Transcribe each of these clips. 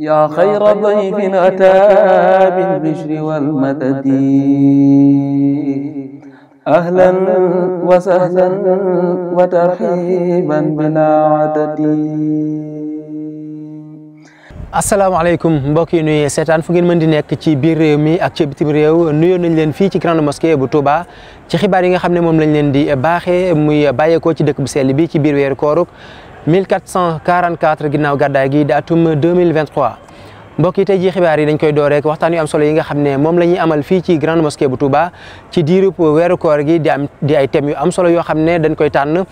yaa xayra dayfin ataa bil bishri wal madadi ahlan wa sahlan wa tarxiiban bilaa adadi. asalaamaaleykum mbokk yi nuyu seetaan fu ngeen mën di nekk ci biir réew mi ak ci bitim réew nuyoon nañ leen fii ci grand mosquée bu Touba. ci xibaar yi nga xam ne moom lañ leen di baaxee muy bàyyeekoo ci dëkk bu sell bi ci biir weeru kooruk 1444 ginnaaw gàddaay gi di atum 2023 mbokk yi tey jii yi dañ koy door rek waxtaan yu am solo yi nga xam ne moom la ñuy amal fii ci grande mosquée bu Touba ci diirub weeru koor gi di am di ay thèmes yu am solo yoo xam ne dañ koy tànn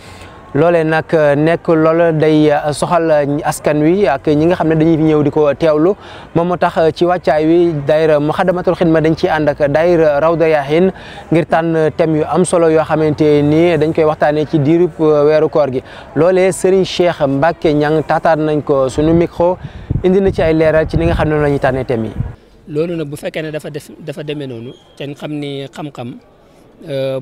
loolee nag euh, nekk lool day euh, soxal euh, askan wi ak ñi nga xam ne dañuy ñëw di ko teewlu moom moo tax ci wàccaay wi daayira Muxaddamatul ma dañ ci ànd ak daayira Rawda Yaaxin ngir tànn thème yu am solo yoo xamante ni dañ koy waxtaanee ci diirub weeru koor gi loolee Serigne Cheikh Mbacke Ñang taataan nañ ko suñu micro indi na ci ay leeral ci li nga xam ne noonu la tànnee thème loolu nag bu fekkee ne dafa def dafa demee noonu te xam ni xam-xam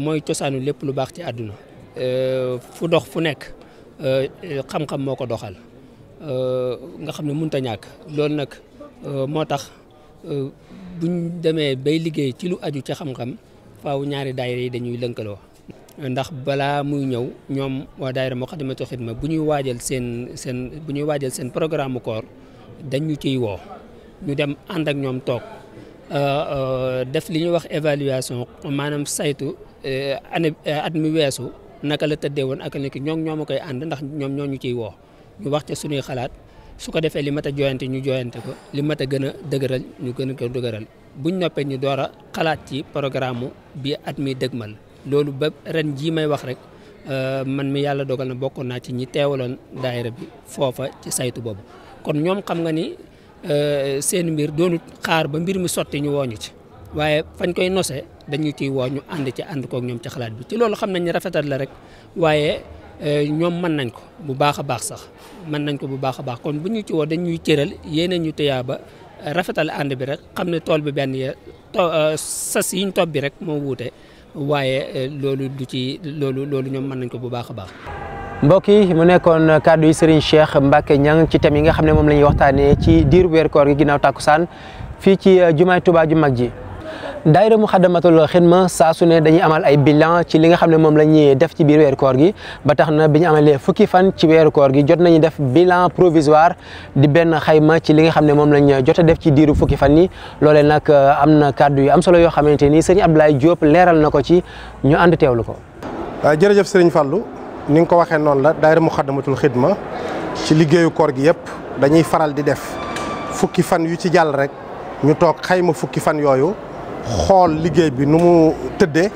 mooy cosaanu lépp lu baax ci àdduna. Euh, fu dox fu nekk euh, xam-xam moo ko doxal euh, nga xam ne mun ta ñàkk loolu nag moo tax buñ demee bay liggéey ci lu aju ci xam-xam faaw ñaari daayira yi dañuy lënkaloo ndax balaa muy ñëw ñoom waa daayira Moukhaddamatoul Khidma bu ñuy waajal seen seen bu ñuy waajal seen programme mu koor dañu ciy woo ñu dem ànd ak ñoom toog def li ñuy wax évaluation maanaam saytu année weesu naka la tëddee woon ak ni ki ñoom ñoo ma koy ànd ndax ñoom ñoo ñu ciy woo ñu wax ca suñuy xalaat su ko defee li mat a jooyante ñu jooyante ko li mat a gën a dëgëral ñu gën ko bu ñu noppee ñu door xalaat ci programme bi at mi dëgmal loolu ba ren jii may wax rek euh, man mi yàlla dogal na bokkoon naa ci ñi teewaloon daayira bi foofa ci saytu boobu kon ñoom xam nga ni euh, seen mbir doonut xaar ba mbir mi sotti ñu wooñu ci waaye fañ koy nose dañuy ciy woo ñu ànd ci ànd kook ñoom ci xalaat bi ci loolu xam nañ ñu rafetal la rek waaye euh, ñoom mën nañ ko bu baax a baax sax mën nañ ko bu baax a baax kon bu ñu ci woo dañuy cëral yéen ñu tëyaa ba euh, rafetal ànd bi rek xam ne tool bi benn ya euh, sas yiñ topp bi rek moo wuute waaye loolu du ci loolu loolu ñoom mën nañ ko bu baax a baax. mbokk yi mu nekkoon kàddu yi Serigne Cheikh Mbacke Niang ci thème yi nga xam ne moom lañuy ñuy waxtaanee ci diir weer koor gi ginnaaw tàkkusaan fii ci jumaay Touba ju mag ji. daayira mu xaddamatul xidma saa su ne dañuy amal ay bilan ci li nga xam ne moom la ñuy def ci biir weeru koor gi ba tax na bi ñu amalee fukki fan ci weeru koor gi jot nañu def bilan provisoire di benn xayma ci li nga xam ne moom lañ jot a def ci diiru fukki fan yi loolee nag euh, am na kàddu yu am solo yoo xamante ni sëñ Abdoulaye Diop leeral na ko ci ñu ànd ko. Euh, jërëjëf sëriñ Fallou ni nga ko waxee noonu la daayira mu xaddamatul xidma ci liggéeyu koor gi yëpp dañuy faral di def fukki fan yu ci jàll rek ñu toog xayma fukki fan yooyu xool liggéey bi nu mu tëddee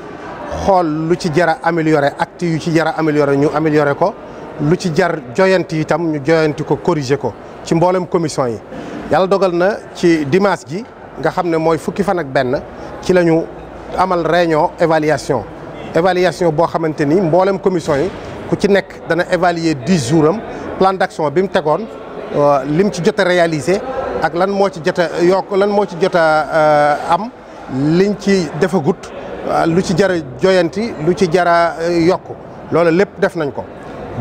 xool lu ci jar a amélioré actes yu ci jar a amélioré ñu amélioré ko lu ci jar joyanti itam ñu joyanti ko corrigé ko ci mboolem commission yi. yàlla dogal na ci dimanche ji nga xam ne mooy fukki fan ak benn ci la ñu amal réunion évaluation évaluation boo xamante ni mboolem commission yi ku ci nekk dana évaluer dix jours am plan d'action bi mu tegoon euh, lim ci jot a réalisé ak lan moo ci jot a yokk lan moo ci jot a euh, am. liñ ci defagut lu ci jara a joyanti lu ci jar a euh, yokk loolu lépp def nañ ko.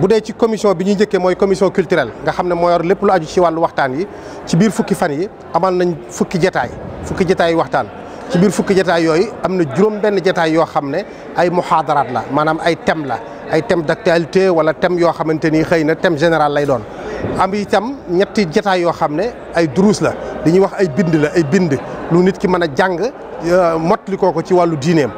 bu dee ci commission bi ñuy njëkkee mooy commission culturelle nga xam ne moo yor lépp lu aju ci wàllu waxtaan yi ci biir fukki fan yi amal nañ fukki jataay fukki jataay waxtaan. ci biir fukki jataay yooyu am na juróom benn jataay yoo xam ne ay muhaadaraat la maanaam ay thème la ay thème d'actualité wala thème yoo xamante ni xëy na thème général lay doon. am itam ñetti jataay yoo xam ne ay duruus la li wax ay bind la ay bind lu nit mën a jàng mottali koo ko ci wàllu diineem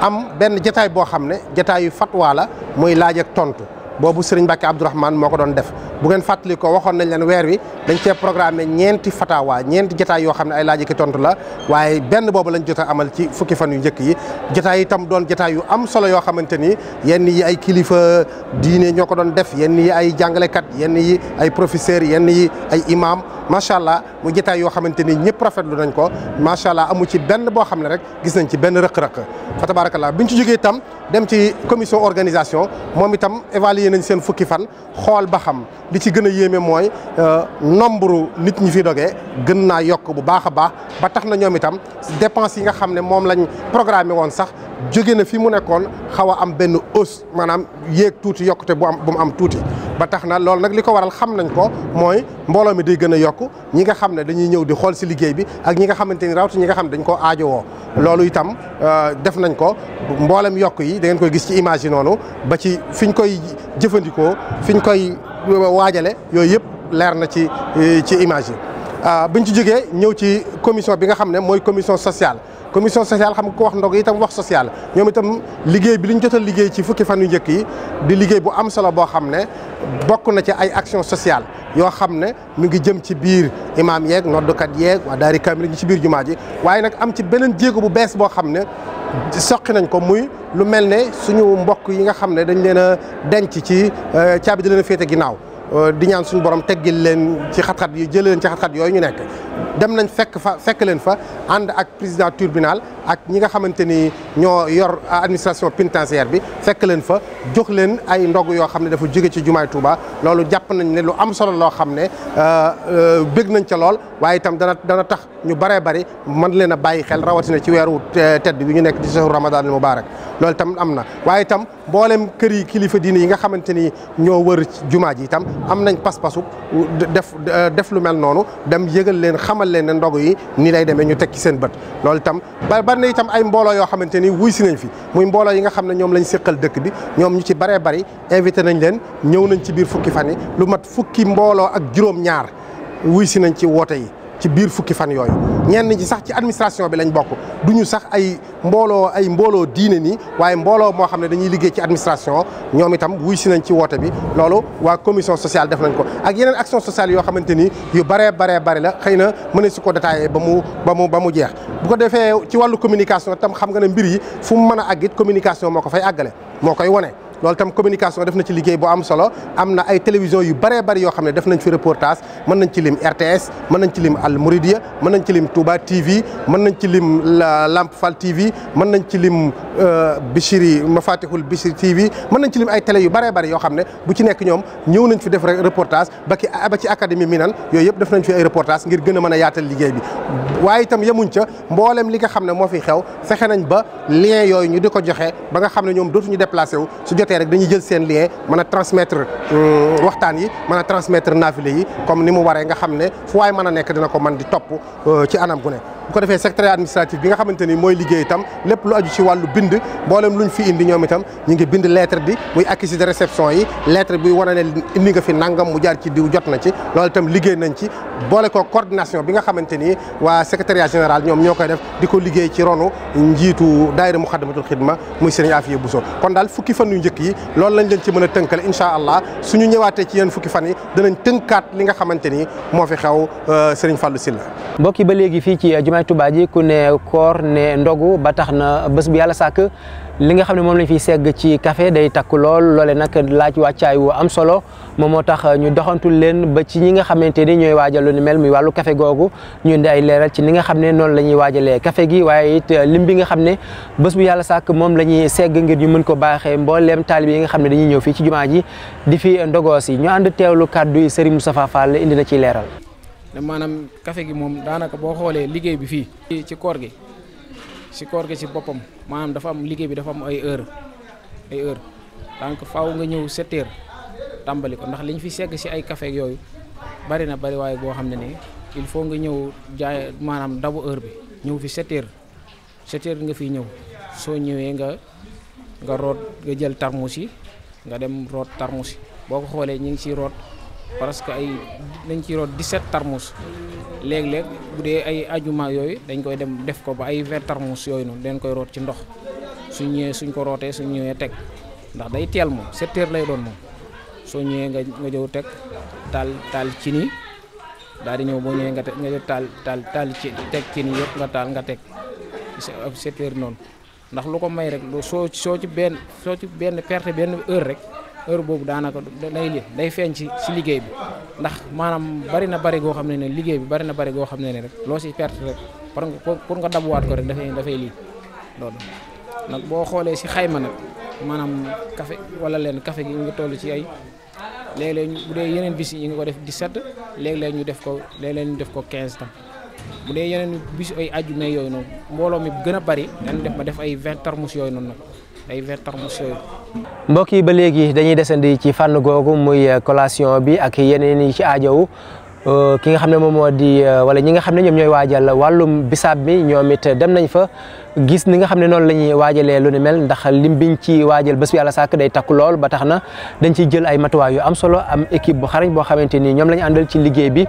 am benn jataay boo xam ne jataayu fatwa la muy laaj ak tontu boobu sëriñ Mbacke Abdourahmane moo ko doon def bu ngeen ko waxoon nañ leen weer wi dañ cee programmé ñeenti fataawaa ñeenti jotaay yoo xam ne ay laaj ki tontu la waaye benn boobu lañ jot amal ci fukki fan yu njëkk yi jotaay itam doon jotaay yu am solo yoo xamante ni yenn yi ay kilifa diine ñoo ko doon def yenn yi ay jàngalekat yenn yi ay professeurs yenn yi ay imaam macha allah mu jitaay yoo xamante ni ñëpp rafetlu nañ ko macha allah amu ci benn boo xam ne rek gis nañ ci benn rëq-rëq fa tabarakallah biñ ci jógee tam dem ci commission organisation moom itam évaluer nañ seen fukki fan xool ba xam li ci gën a yéeme mooy euh, nombre nit ñi fi doge gën naa yokk bu baax a baax ba tax na ñoom itam dépense yi nga xam ne moom lañ programmé woon sax jóge na fi mu nekkoon xaw a am benn hausse maanaam yéeg tuuti yokkute bu am bu mu am tuuti ba tax na loolu nag li ko waral xam nañ ko mooy mbooloo mi day gën a yokk ñi nga xam ne dañuy ñëw di xool si liggéey bi ak ñi nga xamante ni rawtu ñi nga xam ne dañ koo aajowoo loolu itam euh, def nañ ko mboolem yokk yi dangeen koy gis ci image noonu ba ci fiñ koy jëfandikoo fiñ koy euh, waajale yooyu yëpp leer na ci euh, ci image yi biñ ci jógee ñëw ci commission bi nga xam ne mooy commission sociale commission sociale xam nga ko wax ndog tam wax sociale ñoom itam liggéey bi li ñu jot a liggéey ci fukki fan yu njëkk yi di liggéey bu am solo boo xam ne bokk na ci ay action sociale yoo xam ne mu ngi jëm ci biir imaam yeeg noddukat yeeg waa daari kaamil ñi ci biir jumaa ji waaye nag am ci beneen jéego bu bees boo xam ne soqi nañ ko muy lu mel ne suñu mbokk yi nga xam ne dañ leen a denc ci euh, caabi di leen féete ginnaaw euh, di ñaan suñu borom teggil leen ci xat yi jëlee ci xat yooyu ñu nekk dem nañ fekk fa fekk leen fa ànd ak président tribunal ak ñi nga xamante ni ñoo yor administration pénitentiaire bi fekk leen fa jox leen ay ndog yoo xam ne dafa jóge ci jumaay Touba loolu jàpp nañ ne lu am solo loo xam ne euh, euh, bëgg nañ ca lool waaye itam dana dana tax ñu baree bari mën leen a bàyyi xel rawatina ci weeru euh, tedd bi ñu nekk di sahur ramadan al mubarak loolu tam am na waaye itam mboolem kër yi kilifa diine yi nga xamante ni ñoo wër jumaa ji itam am nañ pas-pasu def def lu mel noonu dem yëgal leen xamal leen ne ndogu yi ni lay demee ñu tekki seen bët loolu itam ba bari na itam ay mbooloo yoo xamante ni wuy si nañ fi muy mbooloo yi nga xam ne ñoom lañ séqal dëkk bi ñoom ñu ci bare bari invité nañ leen ñëw nañ ci biir fukki fan yi lu mat fukki mbooloo ak juróom ñaar wuy si nañ ci woote yi ci biir fukki fan yooyu ñenn ñi sax ci administration bi lañ bokk du ñu sax ay mbooloo ay mbooloo diine nii waaye mbooloo moo xam ne dañuy liggéey ci administration ñoom itam wuy si nañ ci woote bi loolu waa commission sociale def nañ ko ak yeneen action sociale yoo xamante ni yu baree baree bari la xëy na mën si ko détaillé ba mu ba mu mu jeex bu ko defee ci wàllu communication tam xam nga ne mbir yi fu mu mën a àggit communication moo ko fay àggale moo koy wone loolu tam communication def na ci liggéey bo am solo am na ay télévision yu bëree bëri yoo xam ne def nañ fi reportage mën nañ ci lim RTS mën nañ ci lim Al Mouridiya mën nañ ci lim Touba TV mën nañ ci lim Lamp Fall TV mën nañ ci lim euh, Bichiri Mafatihul Bichiri TV mën nañ ci lim ay télé yu bëree bëri yoo xam ne bu ci nekk ñoom ñëw nañ fi def reportage ba ki ba ci académie Minane yooyu yëpp def nañ fi ay reportage ngir gën a mën a yaatal liggéey bi waaye itam yemuñ ca mboolem li nga xam ne moo fi xew fexe nañ ba lien yooyu ñu di ko joxe ba nga xam ne ñoom dootuñu déplacé wu wootee rek dañuy jël seen lien mën a transmettre euh, waxtaan yi mën a transmettre naafile yi comme ni mu waree nga xam ne fu waay mën a nekk dina ko mën di topp euh, ci anam gu ne bu ko defee secrétariat administratif bi nga xamante ni mooy liggéey itam lépp lu aju ci wàllu bind mboolem luñ fi indi ñoom itam ñu ngi bind lettre bi muy accusé de réception yi lettre bi wane ne nga fi nangam mu jaar ci diw jot na ci loolu itam liggéey nañ ci boole ko coordination bi nga xamante ni waa secrétariat général ñoom ñoo koy def di ko liggéey ci ronu njiitu daayira Muxaddamatul Xidma muy Sëriñ bu Buso kon daal fukki fan yu njëkk yi loolu lañ leen ci mën a tënkal incha allah suñu ñëwaatee ci yéen fukki fan yi danañ tënkaat li nga xamante ni moo fi xew Sëriñ Fàllu Silla jumaay Tuubaa ji ku ne koor ne ndogu ba tax na bés bu yàlla sàkk li nga xam ne moom lañ fiy segg ci kafe day takk lool loole nag laaj wàccaay wu am solo moom moo tax ñu doxantul leen ba ci ñi nga xamante ni ñooy waajal lu mel muy wàllu café googu ñu indi leeral ci ni nga xam ne noonu la ñuy waajalee kafe gi waaye it lim bi nga xam ne bés bu yàlla sàkk moom la ñuy segg ngir ñu mën ko baaxee mboolem taalib yi nga xam ne dañu ñëw fii ci jumaa ji di ñu ànd teewlu kàddu yi Serigne Moustapha Fall indi na ciy leeral ne maanaam kafe gi moom daanaka boo xoolee liggéey bi fii ci koor gi ci coor gi si boppam maanaam dafa am liggéey bi dafa am ay heure ay heure donc faw nga ñëw 7 tàmbali ko ndax li ñu fi segg ci ay café yooyu bari na bari waaye boo xam ne nii il faut nga ñëw jaay maanaam dabu heure bi ñëw fi 7 heures 7 nga fiy ñëw soo ñëwee nga nga root nga jël tarmus yi nga dem root tarmus yi boo ko xoolee ñu ngi si root parce que ay dañ ci root 17 tarmus léeg-léeg bu dee ay ajuma yooyu dañ koy dem def ko ba ay 20 tarmus yooyu noonu dañ koy root ci ndox suñ ñëwee suñ ko rootee suñ ñëwee teg ndax day teel moom 7 heures lay doon moom soo ñëwee nga nga jëw teg taal taal ci nii daal di ñëw boo ñëwee nga nga taal taal taal ci teg ci nii yëpp nga taal nga teg ab 7 noonu ndax lu ko may rek soo soo ci benn soo ci benn perte benn heure rek. heure boobu daanaka day li day feeñ ci si liggéey bi ndax maanaam bari na bari goo xam ne ne liggéey bi bari na bari goo xam ne ne rek loo si perte rek pour nga dabuwaat ko rek dafay dafay lii loolu nag boo xoolee si xayma nag maanaam kafe wala leen kafe gi nga toll ci ay léeg-léeg bu dee yeneen bis yi nga ko def 17 léeg-léeg ñu def ko léeg-léeg def ko 15 tam bu dee yeneen bis ay aju na yooyu noonu mbooloo mi gën a bari dañ def ma def ay vingt tarmus yooyu noonu nag ay verre thermos yooyu. mbokk yi ba léegi dañuy desandi ci fànn googu muy euh, collation bi ak yeneen yi ci aajowu euh, ki nga xam ne moom moo di euh, wala ñi nga xam ne ñoom ñooy waajal wàllum bisaab mi ñoomit dem nañ fa gis ni nga xam ne noonu la ñuy waajalee lu ni mel ndax lim biñ ci waajal bés bi yàlla sàkk day takku lool ba tax na dañ ciy jël ay matuwaay yu am solo am équipe bu xariñ boo xamante ni ñoom la ñu ci liggéey bi.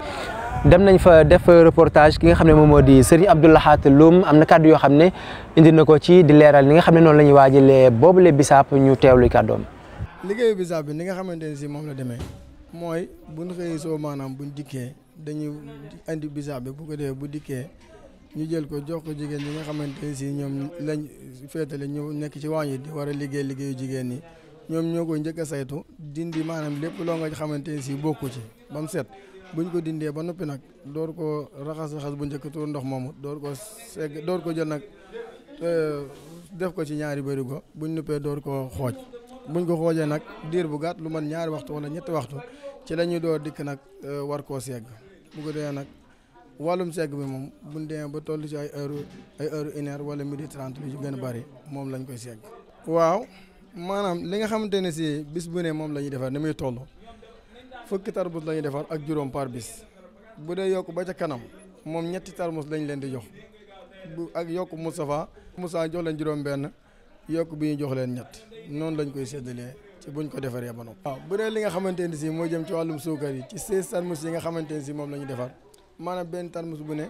dem nañ fa def reportage ki nga xam ne moom moo di Serigne Abdou Lahat Loum am na kàddu yoo xam ne indi na ko ci di leeral li nga xam ne noonu la ñuy waajalee boobule bisaab ñu teewlu kàddoom. liggéeyu bisaab bi ni nga xamante ne si moom la demee mooy bu ñu soo maanaam bu ñu dikkee dañuy andi bi bu ko defee bu dikkee ñu jël ko jox jigéen ñi nga xamante si ñoom lañ féetale ñu nekk ci wàññi di war a liggéey liggéeyu jigéen ñi ñoom ñoo ko njëkk a saytu dindi maanaam lépp loo nga xamante ni si bokku ci ba set. buñ ko dindee ba noppi nag door ko raxas raxas bu njëkk tuur ndox moomu door ko segg door ko jël nag def ko ci ñaari bërigo buñ noppee door ko xooj buñ ko xoojee nag diir bu gàtt lu man ñaari waxtu wala ñetti waxtu ci la ñuy door dikk nag euh, war koo segg bu ko dee nag wàllum segg bi moom buñ demee ba toll ci ay heure ay heure une heure wala midi trente lu ci gën a bëri moom lañ koy segg waaw maanaam li nga xamante ne si bis bu ne moom la ñuy defar ni muy toll fukki tarmus la ñuy defar ak juróom par bis bu dee yokk ba ca kanam moom ñetti tarmus lañ leen di jox bu ak yokk Moustapha Moussa jox leen juróom benn yokk bi ñu jox leen ñett noonu lañ koy séddalee ci buñ ko defaree ba noppi waaw bu dee li nga xamante ne si moo jëm ci wàllum suukar yi ci seize tarmus yi nga xamante ne si moom la ñu defar maana benn tarmus bu ne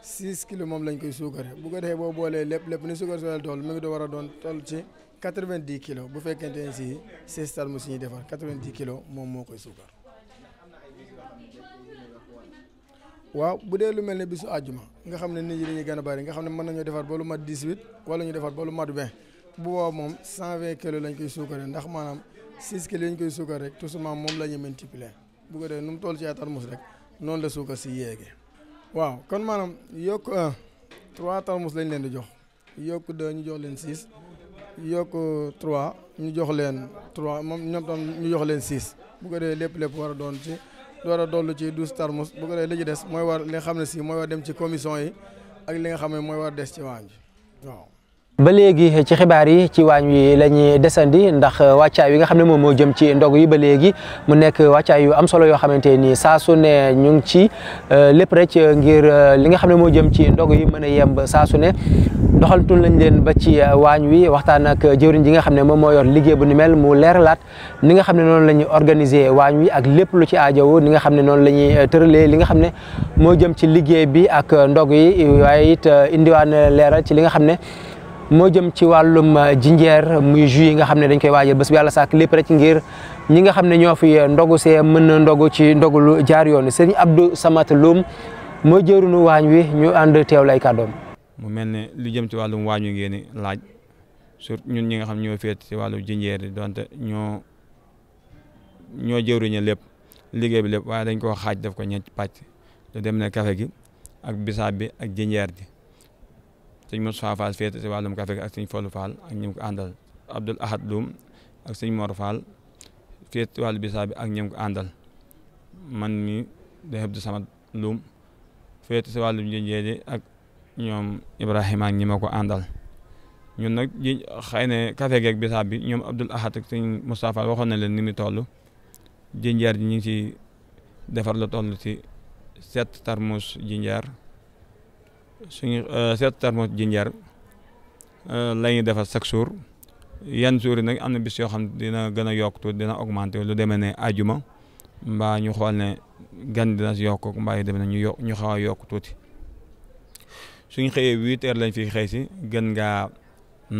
six kilos moom lañ koy suukaree bu ko defee boo boolee lépp lépp ni suukar sooyal tool mi ngi doon war a doon toll ci quatre-vingt-dix kilos bu fekkente ne si seize tarmus yi ñuy defar quatre vingt moom moo koy suukar waaw bu dee lu mel ne bisu àjjuma nga xam ne nit ñi dañuy gën a nga xam ne mën nañoo defar ba lu mat dix-huit wala ñu defar ba lu mat bu boobaa moom cent vingt lañ koy suukaree ndax maanaam six kilos lañ koy suukar rek tout simplement moom la ñu multiplier bu ko defee nu mu toll ci ay tarmus rek noonu la suukar si yéege. waaw kon maanaam yokk un trois tarmus lañ leen di jox yokk deux ñu jox leen six yokk trois ñu jox leen trois moom ñoom tam ñu jox leen six bu ko defee lépp lépp war doon ci. door a dollu ci douze tarmus bu ko defee des mooy war li xam ne si mooy war dem ci commission yi ak li nga xam ne mooy war des ci waañ bi ba léegi ci xibaar yi ci waañ wi la ñuy desandi ndax wàccaay yi nga xam ne moom moo jëm ci ndog yi ba léegi mu nekk wàccaay yu am solo yoo xamante ni saa su ne ñu ngi ci euh, lépp rek ngir euh, li nga xam ne moo jëm ci ndog yi mën a yemb saa su ne. doxaltun lañ leen ba ci euh, waañ wi waxtaan ak euh, jëwriñ ji nga xam ne moom moo yor liggéey bu ni mel mu leeralaat ni xam ne noonu la ñuy waañ wi ak lépp lu ci aajowu ni nga xam ne noonu la ñuy euh, tëralee li nga xam ne moo jëm ci liggéey bi ak ndog yi waaye it indiwaan leeral ci li nga xam ne moo jëm ci wàllum jinjeer muy jus yi nga xam ne dañ koy waaje bés bi yàlla sàkk lépp rek ngir ñi nga xam ne ñoo fi ndogu see mën na ndogu ci ndogulu jaar yoon Serigne Abdou Samat Loum moo jëruñu waañ wi ñu ànd teew lay kàddoom mu mel ne lu jëm ci wàllum waañu ngeen laaj surtout ñun ñi nga xam ñoo féet ci wàllu jinjeer donte ñoo ñoo jëwriñe lépp liggéey bi lépp waaye dañ ko xaaj def ko ñetti pàcc lu dem ne kafe gi ak bisaab bi ak jinjeer ji sëñ Moussa Fall féet ci wàllum kafe gi ak sëñ Fallou Fall ak ñu ko àndal Abdoul Ahad Loum ak sëñ Mor Fall féet ci wàllu bisaab bi ak ñu ko àndal man ak ñoom Ibrahima ak ñi ma ko àndal ñun nag ji xëy na café bisaab bi ñoom Abdul Ahad ak sëñ Moustapha waxoon na leen ni toll jinjeer ji ñu ngi ci defar la toll ci sept tarmus jinjeer suñu euh, sept tarmus jinjeer euh, la ñuy defar chaque jour yan jour nag am na bis yoo xam dina gën a yokk tuuti dina augmenter lu deme ne ajuma mbaa ñu xool ne gan dina si yokk mbaa yu demee ne ñu yo ñu xaw a yokk tuuti suñ xëyee huit heures lañ fi xëy si gën ngaa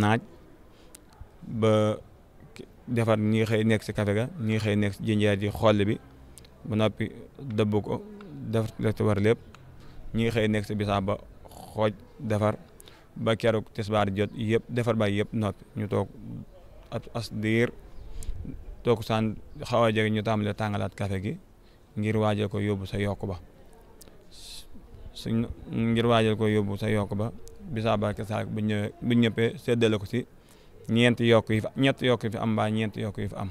naaj ba defar ñi xëy nekk si café ga ñi xëy nekk si jinjeer ji xoll bi ba noppi dëbb ko def la ci war lépp ñi xëy nekk si bisaab ba xooj defar ba keroog tisbaar jot yëpp defar ba yëpp noppi ñu toog as diir toog saan xaw a jege ñu tàmbalee tàngalaat café gi ngir waajal ko yóbbu sa yokk ba suñ ngir waajal ko yóbbu sa yokk ba bisaab ak saak bu ñëwee bu ñëppee séddale ko si ñeenti yokk yi fa ñetti yokk yi fi am mbaa ñeenti yokk yi fi am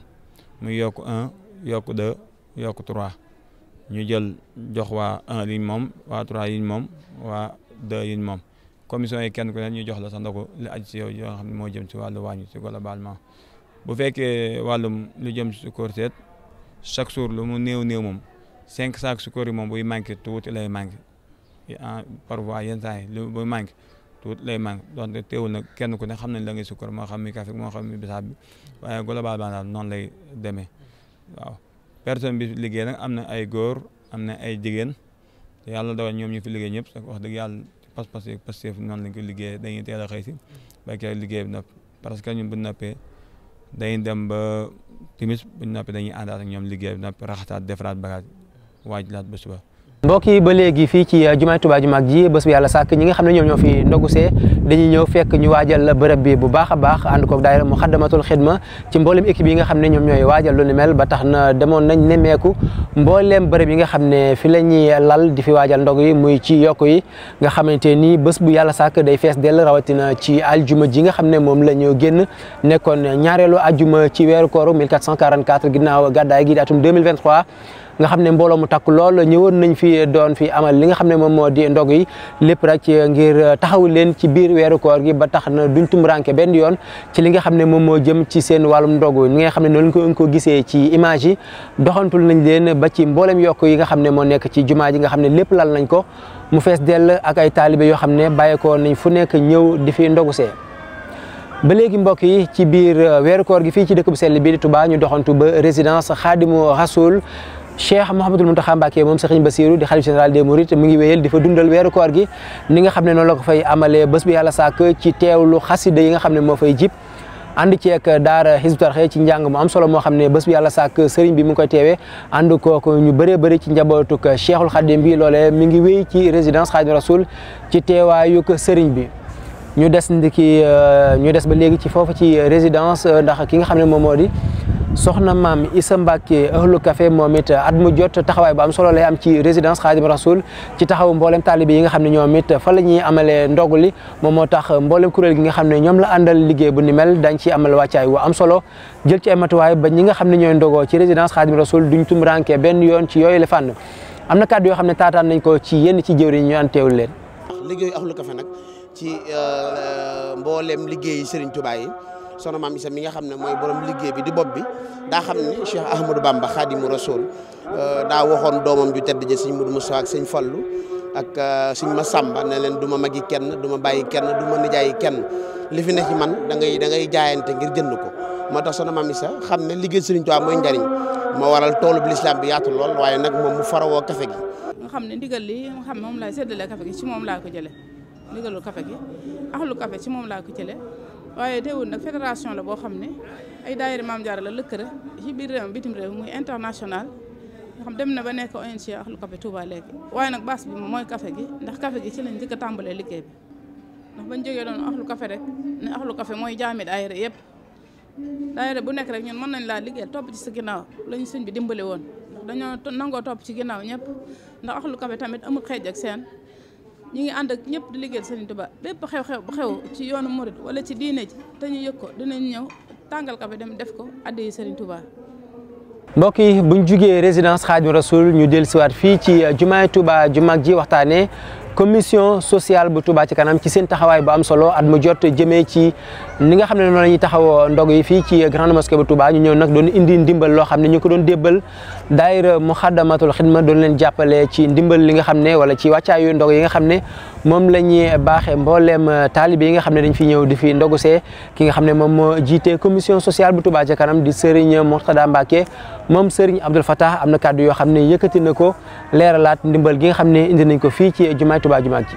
muy yokk un yokk deux yokk trois ñu jël jox waa un liñ moom waa trois yiñ moom waa deux moom commission yi kenn ku ne ñu jox la sa ndogu li aj si yow yoo moo jëm si wàllu wàññi si globalement bu fekkee wàllum lu jëm si sukkoor seet chaque jour lu mu néew néew moom cinq sacs sukkoor yi moom buy manqué tuuti lay manqué Ah, parfois yenn saa yi lu ba manqué tuut lay manqué donte teewul nag kenn ku ne xam nañ la ngay sukkar moo xam mi café moo xam mi bisaab bi waaye global ba daal noonu lay demee waaw personne bi liggéey nag am na ay góor am na ay jigéen yàlla dawal ñoom ñu fi liggéey ñëpp wax dëgg yàlla pas-pas yeeg pas-seef noonu lañ ko liggéeyee dañuy teel xëy si ba kii liggéey bi nopp parce que ñu bu noppee dañuy dem ba timis bu noppee dañuy àndaat ak ñoom liggéey bi nopp raxataat defaraat bagage waajalaat ba suba mbokk yi ba léegi fii ci uh, jumaay Tuubaa mag ji bés bu yàlla sàkk ñi nga xam ne ñoom ñoo fi ndogusee dañuy ñëw fekk ñu waajal bërëb bi bu baax baax ànd koog daayira mu xaddamatul xidma ci mboolem équipe yi nga xam ne ñoom ñooy waajal lu ni mel ba tax na demoon nañ nemmeeku mbooleem bërëb yi nga xam ne fi la ñuy lal di fi waajal ndog yi muy ci yokk yi nga xamante ni bés bu yàlla sàkk day fees dell rawatina ci aljuma ji nga xam ne moom la ñu génn nekkoon ñaareelu aljuma ci weeru kooru 1444 ginnaaw gàddaay gi di atum 2023 nga xam ne mbooloo mu takk lool ñëwoon nañ fi doon fi amal li nga xam ne moom moo di ndog yi lépp rek ngir taxawu leen ci biir weeru koor gi ba tax na duñ tumranke benn yoon ci li xam ne moom moo jëm ci seen wàllum ndogu ñi nga xam ne noonu ko ko gisee ci image doxantul nañ leen ba ci mboolem yokk yi nga xam ne moo nekk ci jumaa ji nga xam ne lépp lal nañ ko mu fees dell ak ay taalibe yoo xam ne bàyyeekoo nañ fu nekk ñëw di fi ndogusee ba léegi mbokk yi ci biir weeru koor gi fii ci dëkk bu sell bi di Touba ñu doxantu ba résidence xaadi Xaadimu Rasul cheikh Mouhamadul Mountakha Mbacké moom Serigne Bassirou di xalif général des Mourides mu ngi wéyal di fa dundal weeru koor gi ni nga xam ne noonu la ko fay amalee bés bi yàlla sàkk ci teewlu xasida yi nga xam ne moo fay jib ànd ceeg daara Hizbut Tarqiyyah ci njàng am solo moo xam ne bés bi yàlla sàkk Serigne bi mu ngi koy teewee ànd kooku ñu bëree bëri ci njabootuk cheikhul xadim bi loolee mi ngi wéy ci résidence Khadim Rasoul ci teewaayuk Serigne bi ñu des ndiki euh, ñu des ba léegi ci foofu ci résidence euh, ndax ki nga xam ne moom moo di soxna maam Issa Mbacke ahlu café moom it at mu jot taxawaay ba am solo lay am ci résidence Khadim Rasoul ci taxawu mboolem taalibe yi nga xam ne ñoom it fa la ñuy amalee ndogu li moom moo tax mboolem kuréel gi nga xam ne ñoom la àndal liggéey bu ni mel dañ ci amal waccaay wu am solo jël ci ay matuwaay ba ñi nga xam ne ñooy ndogoo ci résidence Khadim Rasoul duñ tum ranke benn yoon ci yooyu la fànn am na kàddu yoo xam ne taataan nañ ko ci yenn ci jëwriñ ñu anteewul leen. liggéeyu ahlu café nag ci euh, mboolem liggéeyu Serigne Touba yi sono maam isa mi nga xam ne mooy borom liggéey bi di bopp bi daa xam ne Cheikh Ahmadou Bamba a Rasoul euh, daa waxoon doomam ju tedd ja sëñ Mudu Musaa ak sëñ Fallu ak euh, sëñ Masamba ne leen du ma magi kenn du ma bàyyi kenn du ma nijaayi kenn li fi ne ci man da ngay da jaayante ngir jënd ko moo tax sono maam isa xam ne liggéey sëriñ am mooy njariñ moo waral toolub lislaam bi yaatu lool waaye nag moom mu farawoo kafe gi nga xam ne ndigal li nga xam moom laa séddale kafe gi ci moom laa ko jële ndigalu kafe gi axlu kafe ci moom laa ko jële waaye teewul nag fédération la boo xam ne ay daayira Maam Jaara la lëkkale ci biir réew bitim réew muy international nga xam dem na ba nekk ONG Ahlou Café Touba léegi waaye nag base bi mooy kafe gi ndax kafe gi ci lañ njëkk a tàmbalee liggéey bi ndax bañ jógee doon lu Café rek ne Ahlou Café mooy jaami daayira yëpp daayira bu nekk rek ñun mën nañ laa liggéey topp ci sa ginnaaw ñu sëñ bi dimbale woon ndax dañoo nangoo topp ci ginnaaw ñëpp ndax Ahlou Café tamit amul xeej ak seen ñu ngi ànd ak ñëpp di liggéeyal Serigne Touba bépp xew-xew bu xew ci yoonu murit wala ci diine ji te ñu yëg ko dinañ ñëw tàngal ka bi dem def ko addi Serigne Touba. mbokk yi bu jugee résidence Xaadimu Rasuul ñu dellusiwaat fii ci jumaay Touba ju mag ji waxtaanee. commission sociale bu Touba ci kanam ci seen taxawaay bu am solo at mu jot jëmee ci ni nga xam ne noonu la ñuy taxaw ndog yi fii ci grande mosquée bu Touba ñu ñëw nag doon indi ndimbal loo xam ne ñu ko doon débbal daayira Muxaddamatul Xidma doon leen jàppale ci ndimbal li nga xam ne wala ci wàccaayu ndog yi nga xam ne moom la ñuy baaxee mbooleem euh, taalibe yi nga xam ne dañ fi ñëw di fi ndogusee ki nga xam ne moom moo jiite commission sociale bu Touba ca kanam di Serigne Mourtada Mbacke moom Serigne Abdoul Fattah am na kàddu yoo xam ne yëkkati na ko leeralaat ndimbal gi nga xam ne indi nañ ko fii ci jumaay Touba ju mag ji.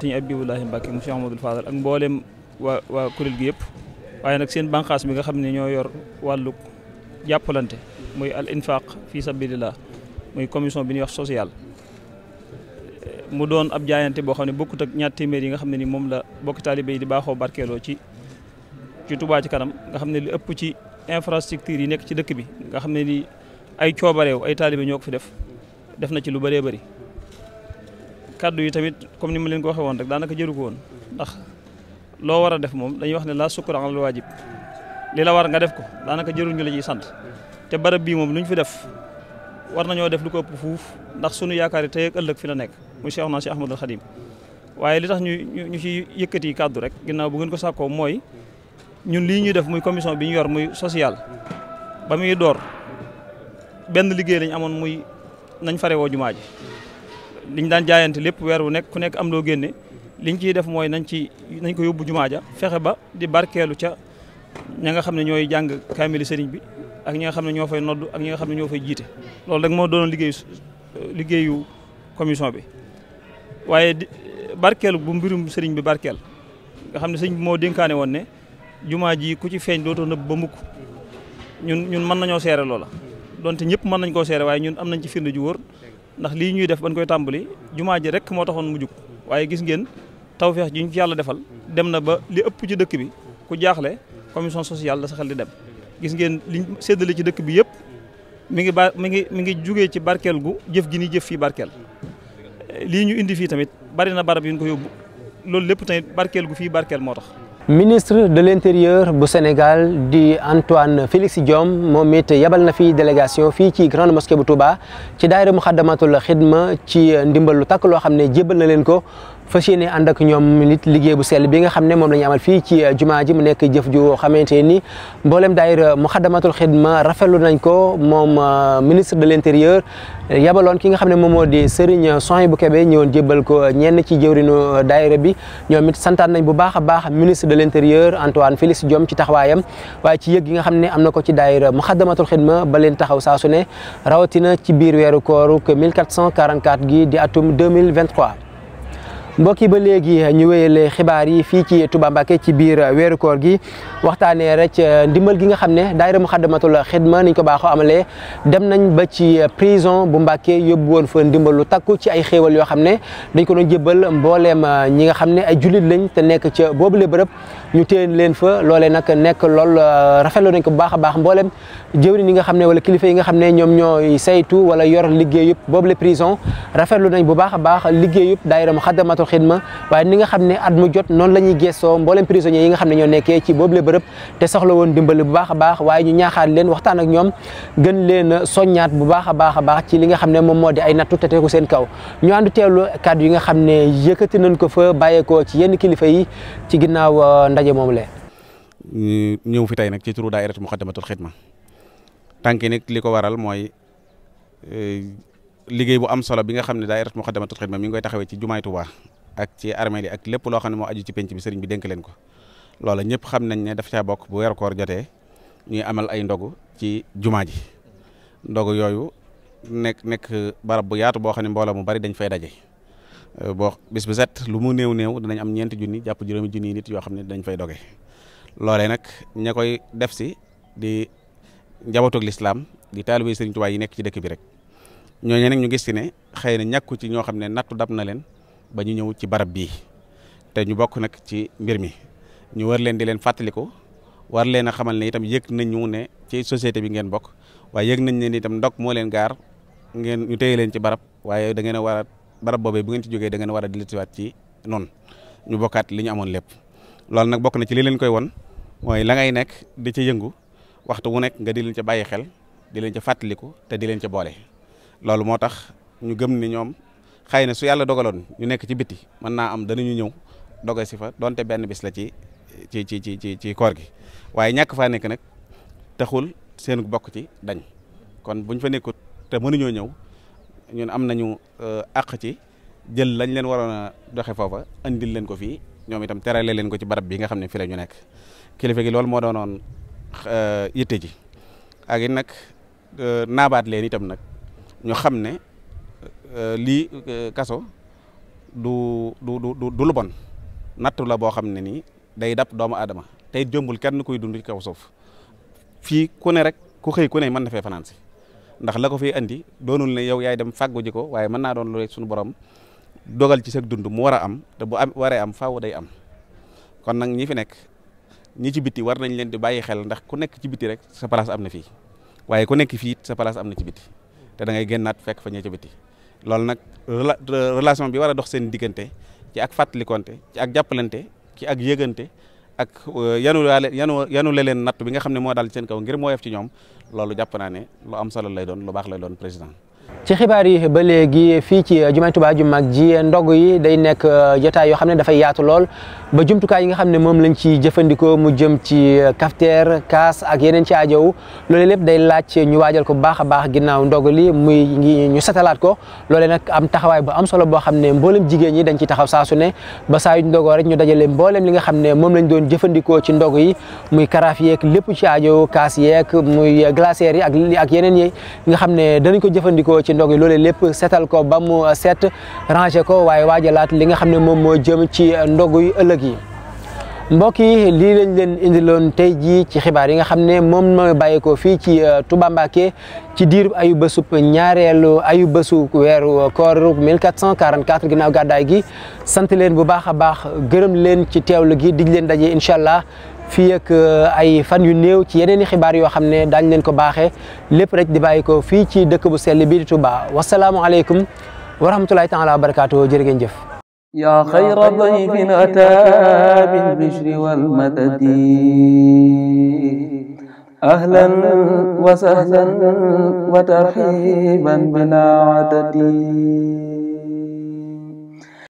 Serigne Abdoulahi Mbacke mu Cheikh Amadou Fadal ak mbooleem waa waa gi yëpp waaye nag seen bànqaas bi nga xam ne ñoo yor wàllu jàppalante muy al infaq fi sabilillah muy commission bi ñuy wax sociale. mu doon ab jaayante boo xam ne bokkut ak ñaar téeméer yi nga xam ne ni moom la bokki taalibe yi di baaxoo barkeeloo ci ci tubaa ci kanam nga xam ne li ëpp ci infrastructure yi nekk ci dëkk bi nga xam ne ni ay coobareew ay taalibe ñoo ko fi def def na ci lu bëree bari kaddu yi tamit comme ni ma leen ko waxee woon rek daanaka jëru ko woon ndax loo war a def moom dañuy wax ne la sukkur al waajib li la war nga def ko daanaka jëruñu la ciy sant te barab bii moom lu ñu fi def war nañoo def lu ko ëpp fuuf ndax sunu yaakaar yi tey ëllëg fi la nekk mu Cheikh naa Cheikh Ahmadul Xadim waaye li tax ñu ñu ci yëkkati kàddu rek ginnaaw bu ngeen ko sàkkoo mooy ñun lii ñuy def muy commission bi ñu yor muy social ba muy door benn liggéey lañ amoon muy nañ fare woo jumaa ji liñ daan jaayante lépp weer wu nekk ku nekk am loo génne liñ ciy def mooy nañ ci nañ ko yóbbu jumaa ja fexe ba di barkeelu ca ña nga xam ne ñooy jàng kaamili sëriñ bi ak ñi nga xam ne ñoo fay nodd ak ñi nga xam ne ñoo fay jiite loolu rek moo doonoon liggéeyu liggéeyu commission bi waaye barkeel bu mbirum sëriñ bi barkeel nga xam ne sëriñ bi moo dénkaane woon ne jumaa ji ku ci feeñ dootoo nëbb ba mukk ñun ñun mën nañoo seere loola donte ñëpp mën nañ koo seere waaye ñun am nañ ci firnde ju wóor ndax lii ñuy def bañ koy tàmbali jumaa ji rek moo taxoon mu jug waaye gis ngeen tawfeex ji ñu ci yàlla defal dem na ba li ëpp ci dëkk bi ku jaaxle commission sociale la sa xel di dem gis ngeen liñ séddale ci dëkk bi yëpp mu ngi ba mi ngi mi ngi jugee ci barkeel gu jëf gi ni jëf fii barkeel lii ñu indi fii tamit bari na barab yu ñu ko yóbbu loolu lépp tamit barkeel gu fi barkeel moo tax. ministre de l'intérieur bu Sénégal di Antoine Félix Diome moom it yabal na fi délégation fii ci grande mosquée bu Touba ci daayira Muxaddamatul Xidma ci ndimbal lu takk loo xam ne jébbal na leen ko. fas yéene ànd ak ñoom nit liggéey bu sell bi nga xam ne moom la ñu amal fii ci uh, jumaa ji mu nekk jëf ju xamante ni mboolem daayira muxadamatul xidma rafetlu nañ ko moom uh, ministre de l' intérieur yabaloon ki nga xam ne moom moo di Serigne Souhaïbou Kébé ñëwoon jébbal ko ñenn ci jëwrinu uh, daayira bi ñoom it santaan nañ bu baax a baax ministre de l' intérieur Antoine Félix Diome ci taxawaayam waaye ci yëg gi nga xam ne am na ko ci daayira muxadamatul xidma ba leen taxaw saa su rawatina ci biir weeru kooru 1444 gi di atum 2023 mbokk yi ba léegi ñu wéyale xibaar yi fii ci Touba Mbacké ci biir weeru koor gi waxtaanee rek ndimbal gi nga xam ne daayira Muxaddamatul Xidma niñ ko baaxoo amalee dem nañ ba ci prison bu mbake yóbbu woon fa ndimbal lu takku ci ay xéewal yoo xam ne dañ ko doon jébbal mbooleem ñi nga xam ne ay julit lañ te nekk ca boobule bërëb ñu téye leen fa loolee nag nekk lool euh, rafetlu nañ ko bu baax a baax mboolem jëwriñ yi nga xam ne wala kilifa yi nga xam ne ñoom ñooy saytu wala yor liggéey yëpp boobu prison rafetlu nañ bu baax a baax liggéey yëpp daayira Moukhaddamatoul Khidma waaye ni nga xam ne at mu jot noonu la ñuy gëstoo mboolem prisonniers yi nga xam ne ñoo nekkee ci boobu la bërëb te soxla woon dimbali bu baax a baax waaye ñu ñaaxaat leen waxtaan ak ñoom gën leen soññaat bu baax a baax a baax ci li nga xam ne moom moo di ay nattu te teeku seen kaw ñu àndu teelu kàddu yi nga xam ne yëkkati nañ ko fa bàyyeekoo ci yenn kilifa yi ci ginnaaw euh, ndaje moom lee ñëw fi tey nag ci turu daayiratu Muxaddamatul Xidma tànk yi nag li ko waral mooy e, liggéey bu am solo bi nga xam ne daayiratu Muxaddamatul Xidma mi ngi koy taxawee ci jumaay Tuubaa ak ci armée li ak lépp loo xam ne moo aju ci penc bi sëriñ bi dénk leen ko loola ñëpp xam nañ ne daf caa bokk bu weeru koor jotee ñuy amal ay ndogu ci jumaa ji ndogu yooyu nekk nekk barab bu yaatu boo xam ne mbooloo mu bari dañ fay daje Euh, boo bis bu set lu mu néew néew danañ am ñeenti junni jàpp juróomi junni nit yoo xam ne dañ fay doge loole nag ña koy def si di njabootug lislaam di taalu Sëriñ Tuubaa yi nekk ci dëkk bi rek ñooñu nag ñu gis ci ne xëy na ñàkku ci ñoo xam ne nattu dab na leen ba ñu ñëw ci barab bi te ñu bokk nag ci mbir mi ñu war leen di leen fàttaliku war leen a xamal ne itam yëg nañu ne ci société bi ngeen bokk waaye yëg nañ ne itam ndog moo leen gaar ngeen ñu téye leen ci barab waaye da ngeen a war a barab boobee bu ngeen ci jógee da ngeen war a dellusiwaat ci noonu ñu bokkaat li ñu amoon lépp loolu nag bokk na ci li leen koy won mooy langay nekk di ca yëngu waxtu wu nekk nga di ca bàyyi xel di leen ca fàttaliku te di leen ca boole loolu moo tax ñu gëm ni ñoom xëy na su yàlla dogaloon ñu nekk ci biti mën naa am danañu ñëw doge si fa donte benn bis la ci ci ci ci ci ci koor gi waaye ñàkk faa nekk nag taxul seen bokk ci dañ kon buñ fa nekkut te mënuñoo ñëw ñun am nañu euh, àq ci jël lañ leen waroon a doxe foofa andil leen ko fii ñoom itam terale leen ko ci barab bi nga xam ne fi la ñu nekk kilifa gi loolu moo doonoon euh, yitte ji ak it nag euh, naabaat leen itam nag ñu xam ne lii kaso du du du du lu nattu la boo xam ne nii day dab doomu adama tey jëmbul kenn koy dund ci kaw suuf fii ku ne rek ku xëy ku ne mën na fee fanaan si ndax la ko fiy andi doonul ne yow yaay dem fàggu ji ko waaye mën naa doon loolu suñu borom dogal ci sa dund mu war a am te bu am waree am faaw day am kon nag ñi fi nekk ñi ci biti war nañ leen di bàyyi xel ndax ku nekk ci biti rek sa place am na fii waaye ku nekk fii sa place am na ci biti te da ngay génnaat fekk fa ñee ci biti loolu nag relation bi war a dox seen diggante ci ak fàttalikonte ci ak jàppalante ki ak yëgante ak euh, yanu laale yanu yanu la bi nga xam ne moo daal seen kaw ngir moo yef ci ñoom loolu jàpp naa ne lu am solo lay doon lu baax lay doon président ci xibaar yi ba léegi fii ci jumaay Tuubaa ju mag ji ndog yi day nekk uh, jotaay yoo xam ne dafay yaatu lool ba jumtukaay yi nga xam ne moom lañ ci jëfandikoo mu jëm ci cafetière uh, kaas ak yeneen ci aajow loolu lépp day laaj ñu waajal ko bu baax a baax ginnaaw ndog li muy ñu setalaat ko loolee nag am taxawaay ba am solo boo xam ne mboolem jigéen ñi dañ ci taxaw saa su ne ba saa yu ndogoo rek ñu dajale mboolem li nga xam ne moom lañ doon jëfandikoo ci ndog yi muy karaaf yeek lépp ci aajow kaas yeek muy glacières yi ak ak yeneen yi nga xam ne danañ ko ci ci ndog yi loolee lépp setal ko ba mu set ranger ko waaye waajalaat li nga xam ne moom moo jëm ci ndog yu ëllëg yi mbokk yi lii lañ leen indiloon tey jii ci xibaar yi nga xam ne moom mooy bàyyeekoo fii ci euh, Touba Mbacké ci diir ayu bésub ñaareelu ayu bésu weeru koor 1444 ginnaaw gàddaay gi sant leen bu baax a baax gërëm leen ci teewlu gi dig leen daje incha allah fii ak euh, ay fan yu néew ci yeneen i xibaar yoo xam ne daañ leen ko baaxee lépp rek di bàyyi ko fii ci dëkk bu sell bii di Touba wasalaamualeykum wa rahmatulahi taala wa barakaatu jërë ngeen jëf yaa xayra dayfin ataa bil bishri wal madadi أهلا وسهلا وترحيبا بلا عدد